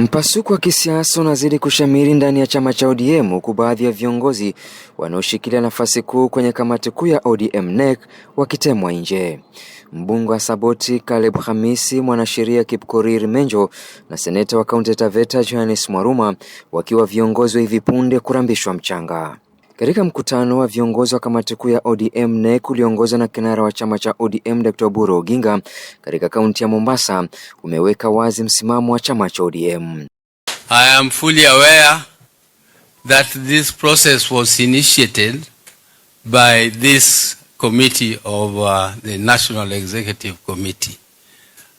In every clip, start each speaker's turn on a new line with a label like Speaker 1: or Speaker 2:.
Speaker 1: Mpasuko wa kisiasa unazidi kushamiri ndani ya chama cha ODM huku baadhi ya viongozi wanaoshikilia nafasi kuu kwenye kamati kuu ya ODM NEC wakitemwa nje. Mbunge wa Saboti Caleb Hamisi, mwanasheria Kipkorir Menjo na seneta wa kaunti ya Taveta Johannes Mwaruma wakiwa viongozi wa hivi punde kurambishwa mchanga. Katika mkutano wa viongozi wa kamati kuu ya ODM NEC uliongozwa na kinara wa chama cha ODM Dr. Oburu Oginga katika kaunti ya Mombasa umeweka wazi msimamo wa chama cha ODM.
Speaker 2: I am fully aware that this process was initiated by this committee of uh, the National Executive Committee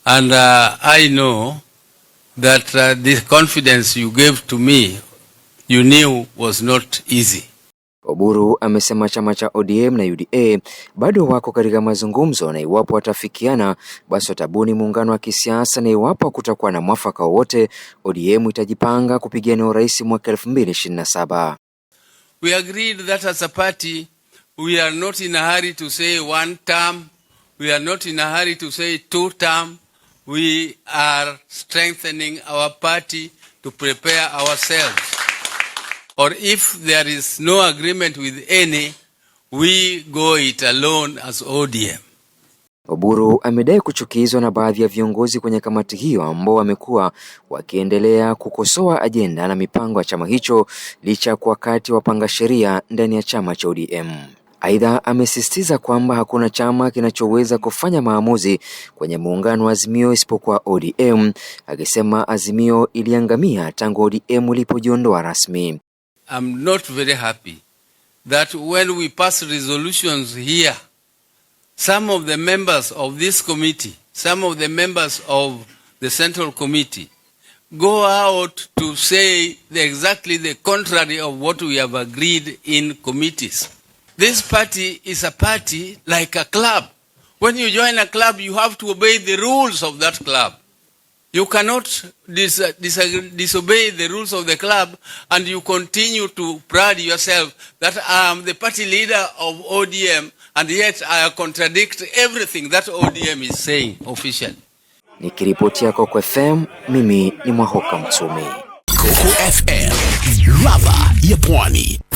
Speaker 2: and uh, I know that uh, the confidence you gave to me you knew was not easy.
Speaker 1: Oburu amesema chama cha ODM na UDA bado wako katika mazungumzo na iwapo watafikiana basi watabuni muungano wa kisiasa na iwapo kutakuwa na mwafaka wowote ODM itajipanga kupigania urais mwaka 2027.
Speaker 2: We agreed that as a party we are not in a hurry to say one term, we are not in a hurry to say two term. We are strengthening our party to prepare ourselves or if there is no agreement with any we go it alone as ODM.
Speaker 1: Oburu amedai kuchukizwa na baadhi ya viongozi kwenye kamati hiyo ambao wamekuwa wakiendelea kukosoa ajenda na mipango ya chama hicho licha ya kati wapanga sheria ndani ya chama cha ODM. Aidha, amesisitiza kwamba hakuna chama kinachoweza kufanya maamuzi kwenye muungano wa Azimio isipokuwa ODM, akisema Azimio iliangamia tangu ODM ilipojiondoa rasmi.
Speaker 2: I'm not very happy that when we pass resolutions here, some of the members of this committee, some of the members of the central committee, go out to say exactly the contrary of what we have agreed in committees. This party is a party like a club. When you join a club, you have to obey the rules of that club. You cannot dis dis disobey the rules of the club and you continue to pride yourself that I am the party leader of ODM and yet I contradict everything that ODM is saying officially.
Speaker 1: Nikiripotia Coco FM, mimi ni Mwahoka Mtsumi. Coco FM, ladha ya Pwani.